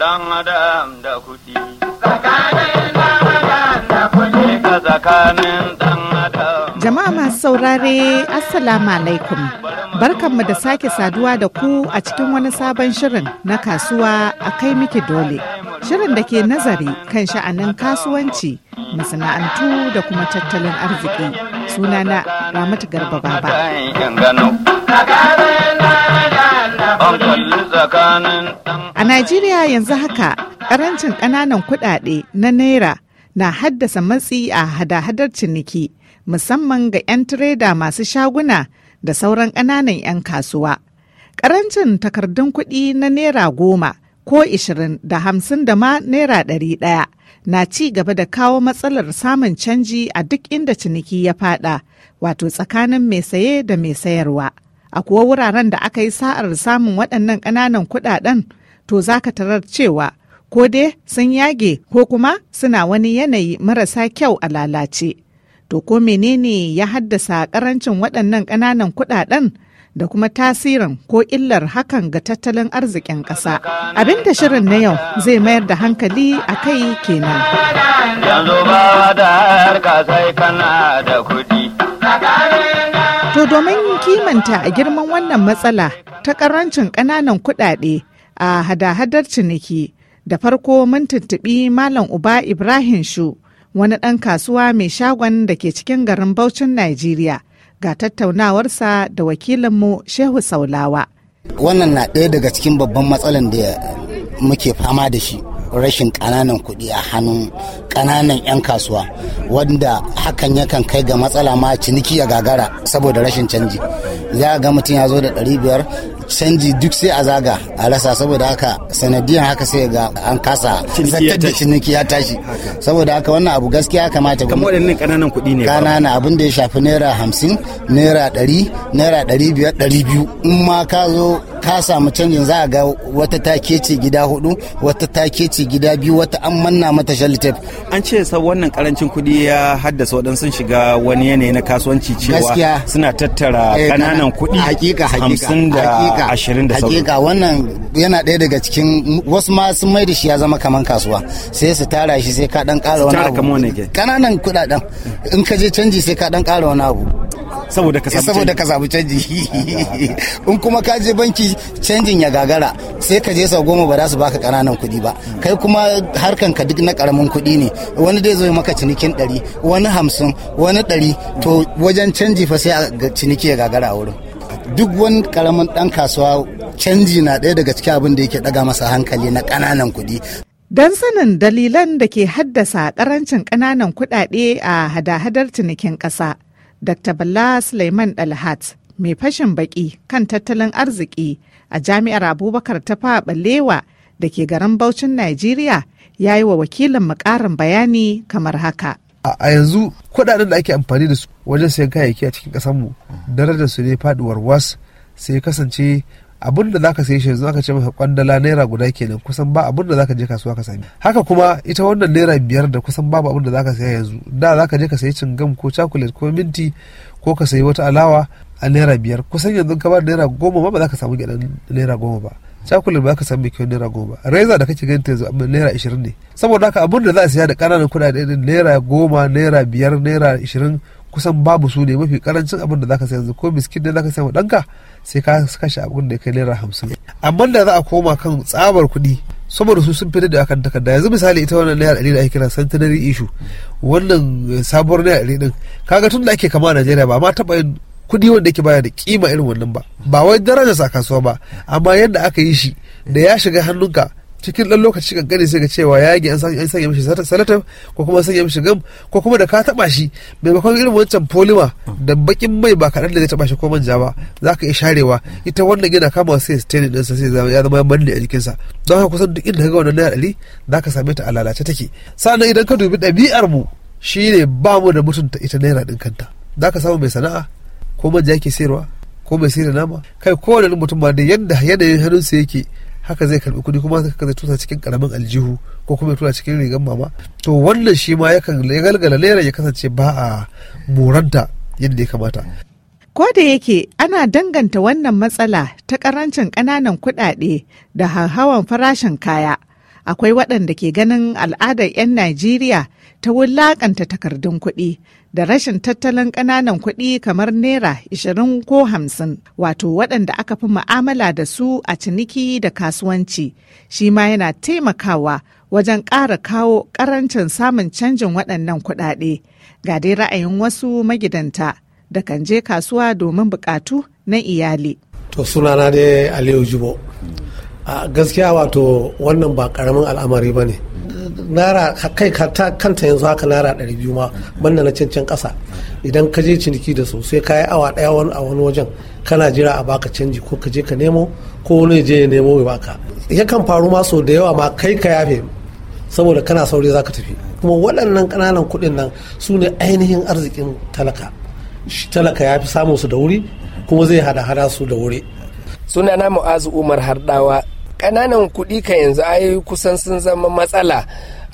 dan adam da kuɗi. Jama'a masu saurare Assalamu alaikum. Barkanmu da sake saduwa da ku a cikin wani sabon shirin na kasuwa a kai miki dole. Shirin da ke nazari kan sha'anin kasuwanci, masana'antu da kuma tattalin arziki. Sunana Ramatu Garba Baba. A Najeriya yanzu haka, ƙarancin ƙananan kuɗaɗe na Naira na haddasa matsi a hada-hadar ciniki, musamman ga 'yan tireda masu shaguna da sauran ƙananan 'yan kasuwa. Ƙarancin takardun kuɗi na Naira goma ko ishirin da hamsin da ma Naira ɗari ɗaya na ci gaba da kawo matsalar samun canji a duk inda ciniki ya fada, wato tsakanin mai saye da mai sayarwa. a kuwa wuraren da aka yi sa'ar samun waɗannan ƙananan kuɗaɗen to za ka tarar cewa ko dai sun yage ko kuma suna wani yanayi marasa kyau a lalace. To ko menene ya haddasa ƙarancin waɗannan ƙananan kuɗaɗen da kuma tasirin ko illar hakan ga tattalin arzikin ƙasa. abinda shirin na yau zai mayar da hankali a kai kenan. kimanta a girman wannan matsala ta karancin ƙananan kuɗaɗe a hada-hadar ciniki da farko mun tuntuɓi malam uba ibrahim shu wani ɗan kasuwa mai shagon da ke cikin garin Bauchin Najeriya ga tattaunawarsa da wakilinmu Shehu Saulawa. Wannan na ɗaya daga cikin babban matsalan da muke fama da shi rashin ƙananan kuɗi a hannun ƙananan 'yan kasuwa wanda hakan yakan kai ga matsala ma ciniki ya gagara saboda rashin canji za ga mutum ya zo da ɗari biyar canji duk sai a zaga a rasa saboda haka sanadiyan haka sai ga an kasa zartar da ciniki ya tashi saboda haka wannan abu gaskiya kamata kuma waɗannan ƙananan kuɗi ne kanana abin da ya shafi naira hamsin naira ɗari naira ɗari biyar ɗari biyu in ma ka zo ka samu canjin za a ga wata ta kece gida hudu wata ta kece gida biyu wata an manna mata shalitef an ce sa wannan karancin kuɗi ya haddasa waɗansu shiga wani yanayi na kasuwanci cewa suna tattara eh, kananan kuɗi hakika hamsin da ashirin da hakika wannan yana ɗaya daga cikin wasu ma sun mai da shi ya zama kaman kasuwa sai su tara shi sai ka ɗan ƙara wani abu kananan kuɗaɗen in ka je canji sai ka ɗan ƙara wani abu saboda ka saboda ka samu canji in kuma ka je banki canjin ya gagara sai ka je sau goma ba za su baka kananan kuɗi ba kai kuma harkan ka duk na karamin kuɗi ne wani dai zai maka cinikin ɗari wani hamsin wani ɗari to wajen canji fa sai a ciniki ya gagara a wurin duk wani karamin ɗan kasuwa canji na ɗaya daga cikin abin da yake ɗaga masa hankali na ƙananan kuɗi Don sanin dalilan da ke haddasa ƙarancin ƙananan kuɗaɗe a hada-hadar cinikin ƙasa, Dr. Bala Suleiman Dalhat mai fashin baki kan tattalin arziki a jami'ar Abubakar ta Balewa da ke garin Bauchin Najeriya ya yi wa wakilin mu bayani kamar haka. A yanzu kuɗaɗen da ake amfani da su wajen sayan kayayyaki a cikin ƙasarmu darajar su ne faduwar was sai kasance abin da zaka sayi shi yanzu aka ce masa kwandala naira guda kenan kusan ba abin da zaka je kasuwa ka sami haka kuma ita wannan naira biyar da kusan babu abin da zaka saya yanzu da zaka je ka sayi cingam ko cakulet ko minti ko ka sayi wata alawa a naira biyar kusan yanzu ka ba naira goma ma ba za ka samu gidan naira goma ba cakulet ba ka samu mai kyau naira goma reza da kake ganin yanzu amma naira ashirin ne saboda haka abin da za a saya da ƙananan kuɗaɗe naira goma naira biyar naira ashirin kusan babu su ne mafi karancin abin da zaka sai yanzu ko biskit da zaka sai wa danka sai ka kashe abin da kai naira hamsin amma da za a koma kan tsabar kuɗi saboda su sun fitar da akan takarda yanzu misali ita wannan naira ɗari da ake kira centenary issue wannan sabuwar naira ɗari din kaga tun da ake kama Najeriya ba ma taba yin kuɗi wanda yake baya da kima irin wannan ba ba wai darajarsa a kasuwa ba amma yadda aka yi shi da ya shiga hannunka cikin ɗan lokaci kankani sai ka cewa ya yage an sanya mishi salatif ko kuma sanya mishi gam ko kuma da ka taɓa shi maimakon irin wancan polima da bakin mai ba kaɗan da zai taɓa shi ko manja ba za ka iya sharewa ita wannan yana kama sai steni ɗinsa sai ya zama manne a jikinsa don haka kusan duk inda ka ga wannan naira ɗari za ka same ta a lalace take sannan idan ka dubi ɗabi'ar mu ne ba mu da mutunta ita naira ɗin kanta za ka samu mai sana'a ko manja yake sayarwa ko mai sayar da nama kai kowane mutum ma da yadda yanayin hannunsa yake haka zai karbi kuɗi kuma haka zai tusa cikin karamin aljihu ko kuma ya tura cikin rigar mama to wannan shi ma yakan galgala naira ya kasance ba a moranta yadda ya kamata ko da yake ana danganta wannan matsala ta karancin ƙananan kuɗaɗe da hauhawan farashin kaya akwai waɗanda ke ganin al'adar 'yan Najeriya ta wulaƙanta takardun kuɗi da rashin tattalin ƙananan kuɗi kamar Naira 20 ko 50 wato waɗanda aka fi mu'amala da su a ciniki da kasuwanci shi ma yana taimakawa wajen ƙara kawo ƙarancin samun canjin waɗannan kuɗaɗe ga dai ra'ayin wasu magidanta da kan je kasuwa domin buƙatu na iyali. To sunana dai Aliyu Jibo. a gaskiya wato wannan ba karamin al'amari ba ne naira kai kanta yanzu haka naira ɗari biyu ma banda na cancan ƙasa idan ka je ciniki da su sai ka yi awa ɗaya wani a wani wajen kana jira a baka canji ko ka je ka nemo ko wani je ya nemo ya baka yakan faru ma sau da yawa ma kai ka yafe saboda kana sauri za ka tafi kuma waɗannan ƙananan kuɗin nan su ne ainihin arzikin talaka talaka ya fi samun su da wuri kuma zai hada hada su da wuri sunana mu'azu umar hardawa ƙananan kuɗi ka yanzu ai kusan sun zama matsala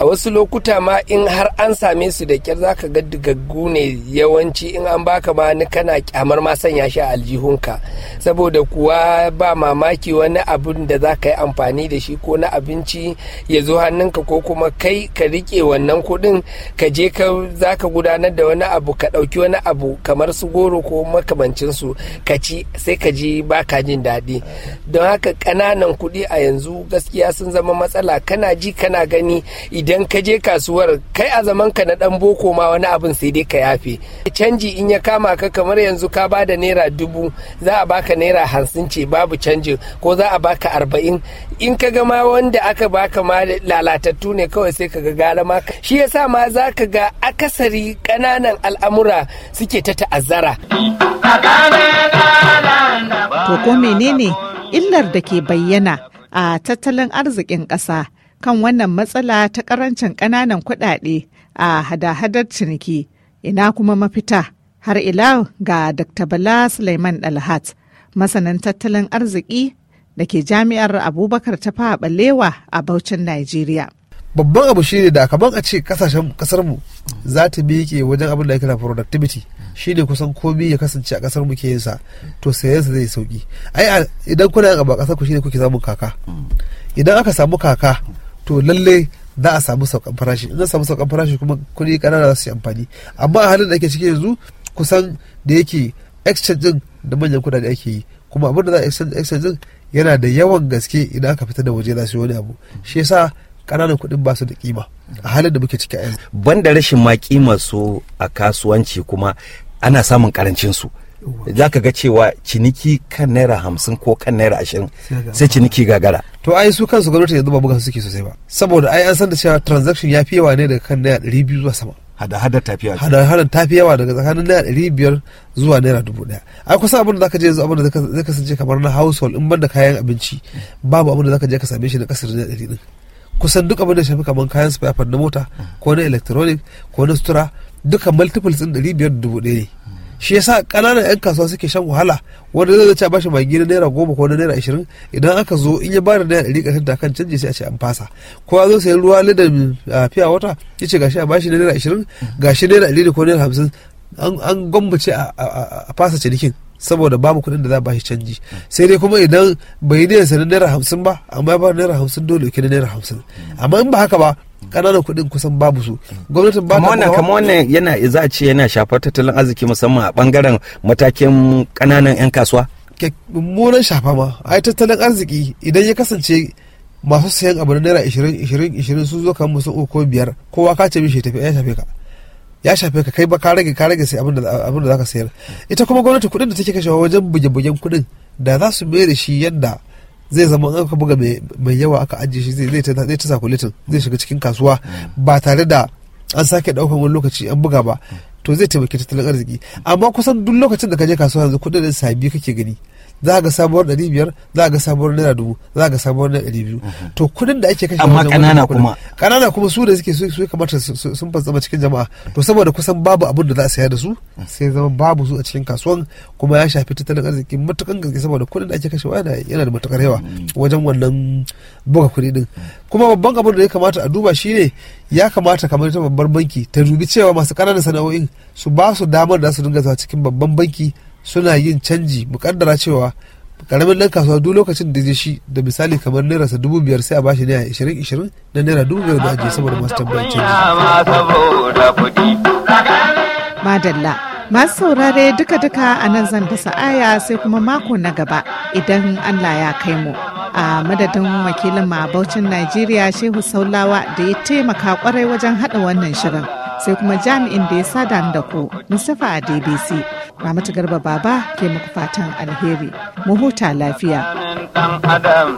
a wasu lokuta ma in har an same su da kyar zaka ga digaggu ne yawanci in an baka ma ni kana kyamar ma sanya shi a aljihunka saboda kuwa ba mamaki wani abin da za ka yi amfani da shi ko na abinci ya zo hannunka ko kuma kai ka rike wannan kuɗin ka je ka zaka gudanar da wani abu ka ɗauki wani abu kamar su goro ko makamancin su ka ci sai ka ji baka jin daɗi don haka ƙananan kuɗi a yanzu gaskiya sun zama matsala kana ji kana gani idan idan ka je kasuwar kai a zaman ka na dan boko ma wani abin sai dai ka yafe canji in ya kama ka kamar yanzu ka ba da naira dubu za a baka naira hamsin ce babu canji ko za a baka arba'in in ka ga ma wanda aka baka ma lalatattu ne kawai sai ka ga gara ma shi yasa ma za ka ga akasari ƙananan al'amura suke ta ta'azzara. To ko menene illar da ke bayyana a tattalin arzikin ƙasa kan wannan matsala ta karancin kananan kuɗaɗe a hada-hadar ciniki ina kuma mafita har ila ga Dr. Bala Suleiman Dalhat masanin tattalin arziki da ke jami'ar Abubakar ta fa balewa a baucin nigeria. Babban abu shi ne da ban a ce kasashen kasarmu za ta miƙe wajen abin da ya kira productivity shi ne kusan komi ya kasance a kasar mu ke yinsa to sayansa zai sauki. Ai idan kuna yin abu a kasar ku shi ne kuke samun kaka. Mm. Idan aka samu kaka to lalle za a samu saukan farashi in samu saukan farashi kuma kuɗi kanana za su yi amfani amma a halin da ake ciki yanzu kusan da yake exchange din da manyan kuɗaɗe ake yi kuma abin da za a exchange yana da yawan gaske idan aka fita da waje za su yi wani abu shi yasa kananan kuɗin ba su da kima a halin da muke ciki a yanzu. ban da rashin ma kima su a kasuwanci kuma ana samun karancin su za ka ga cewa ciniki kan naira hamsin ko kan naira ashirin sai ciniki gagara to ai su kansu gwamnati yanzu ba bugan suke sosai ba saboda ai an san da cewa transaction ya fi yawa ne daga kan naira ɗari biyu zuwa sama hada-hadar yawa hada fi yawa daga tsakanin naira ɗari biyar zuwa naira dubu ɗaya ai kusa abin da zaka je yanzu abin da zai kasance kamar na household in banda kayan abinci babu abin da zaka je ka same shi na kasar naira ɗari ɗin kusan duk abin da shafi kamar kayan spare na mota ko na electronic ko na sutura duka multiples ɗin ɗari biyar da dubu ɗaya ne shi yasa ƙananan 'yan kasuwa suke shan wahala wanda zai zace bashi magi na naira goma ko na naira ashirin idan aka zo in ya bada naira ɗari ƙasar da kan canji sai a ce an fasa ko ya zo sayan ruwa a fiya wata ya ce gashi a bashi na naira ashirin gashi naira ɗari ko naira hamsin an gwambace a fasa cinikin saboda babu kuɗin da za a bashi canji sai dai kuma idan bai yi naira sanin naira hamsin ba amma ya ba naira hamsin dole ke naira hamsin amma in ba haka ba ƙananan kuɗin kusan babu su gwamnatin ba ta kamar wannan yana za a ce yana shafar tattalin arziki musamman a bangaren matakin ƙananan 'yan kasuwa mummunan shafa ma ai tattalin arziki idan ya kasance masu sayan abu na naira ishirin ishirin ishirin sun zo kamar sun uku biyar kowa ka ce mishi tafi ya shafe ka ya shafe ka kai ba ka rage ka rage sai abin da za ka sayar ita kuma gwamnati kuɗin da take kashewa wajen buge-bugen kuɗin da za su mai da shi yadda zai zama in aka buga mai yawa aka ajiye shi zai ta zai ta sakulitin zai shiga cikin kasuwa ba tare da an sake daukan wani lokaci an buga ba to zai taimaki tattalin arziki amma kusan duk lokacin da ka je kasuwa yanzu kuɗin sabi kake gani za ga sabuwar ɗari biyar za ga sabuwar naira dubu za ga sabuwar naira ɗari biyu mhm. to kuɗin da ake kashe amma ƙanana kuma ƙanana kuma su da suke su kamata sun fantsama cikin jama'a to saboda kusan babu abin da za a saya da su mm. sai zama babu su a cikin kasuwan kuma ya shafi tattalin arziki matukan gaske saboda kuɗin da ake kashe wa yana da matukar yawa mm. wajen wannan buga kuɗi din mm. kuma babban abin da ya kamata a duba shi ne ya kamata kamar ta babbar banki ta dubi cewa masu ƙananan sana'o'in su ba su damar da su dinga zuwa cikin babban banki suna yin canji mukaddara cewa karamin dan kasuwa duk lokacin da je shi da misali kamar naira sa dubu biyar sai a bashi naira ishirin ishirin na naira dubu biyar da ajiye saboda masu tambayar canji. Madalla masu saurare duka-duka a nan zan dasa aya sai kuma mako na gaba idan Allah ya kai mu. a madadin wakilin mabaucin Najeriya Shehu Saulawa da ya taimaka kwarai wajen haɗa wannan shirin sai kuma jami'in da ya sada da ku Mustapha a DBC. Ramatu Garba Baba ke muku fatan alheri. Mu huta lafiya.